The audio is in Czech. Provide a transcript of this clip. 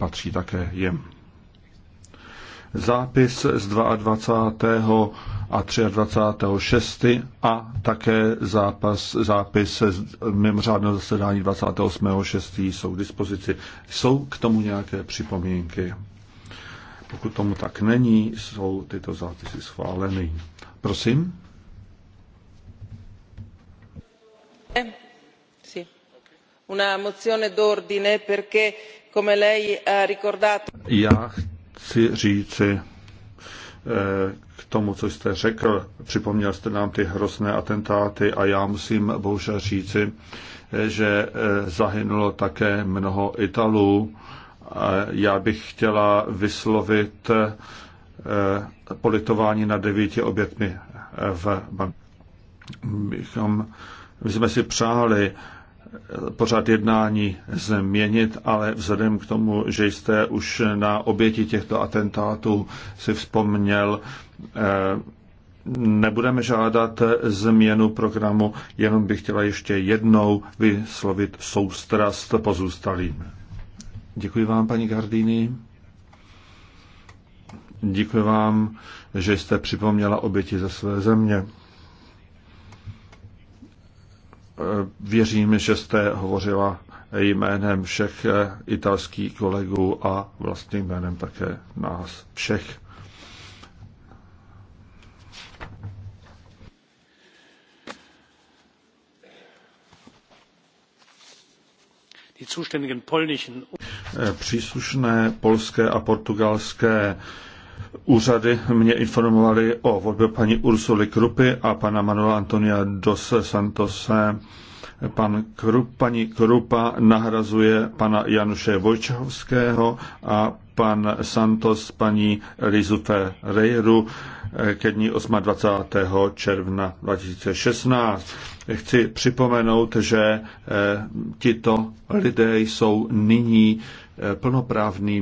patří také jem. Zápis z 22. a 23. 6. a také zápas, zápis z mimořádného zasedání 28. 6. jsou k dispozici. Jsou k tomu nějaké připomínky? Pokud tomu tak není, jsou tyto zápisy schváleny. Prosím. Eh, sí una mozione d'ordine perché come lei ha ricordato. Já chci říci eh, k tomu, co jste řekl. Připomněl jste nám ty hrozné atentáty a já musím bohužel říci, eh, že eh, zahynulo také mnoho Italů. Já bych chtěla vyslovit politování na devíti obětmi v my jsme si přáli, pořád jednání změnit, ale vzhledem k tomu, že jste už na oběti těchto atentátů si vzpomněl, eh, nebudeme žádat změnu programu, jenom bych chtěla ještě jednou vyslovit soustrast pozůstalým. Děkuji vám, paní Gardini. Děkuji vám, že jste připomněla oběti ze své země věřím, že jste hovořila jménem všech eh, italských kolegů a vlastním jménem také nás všech. Eh, příslušné polské a portugalské úřady mě informovaly o volbě paní Ursuly Krupy a pana Manuela Antonia dos Santose. Pan Krup, paní Krupa nahrazuje pana Januše Vojčehovského a pan Santos paní Lizu Ferreiru ke dní 28. června 2016. Chci připomenout, že eh, tito lidé jsou nyní eh, plnoprávnými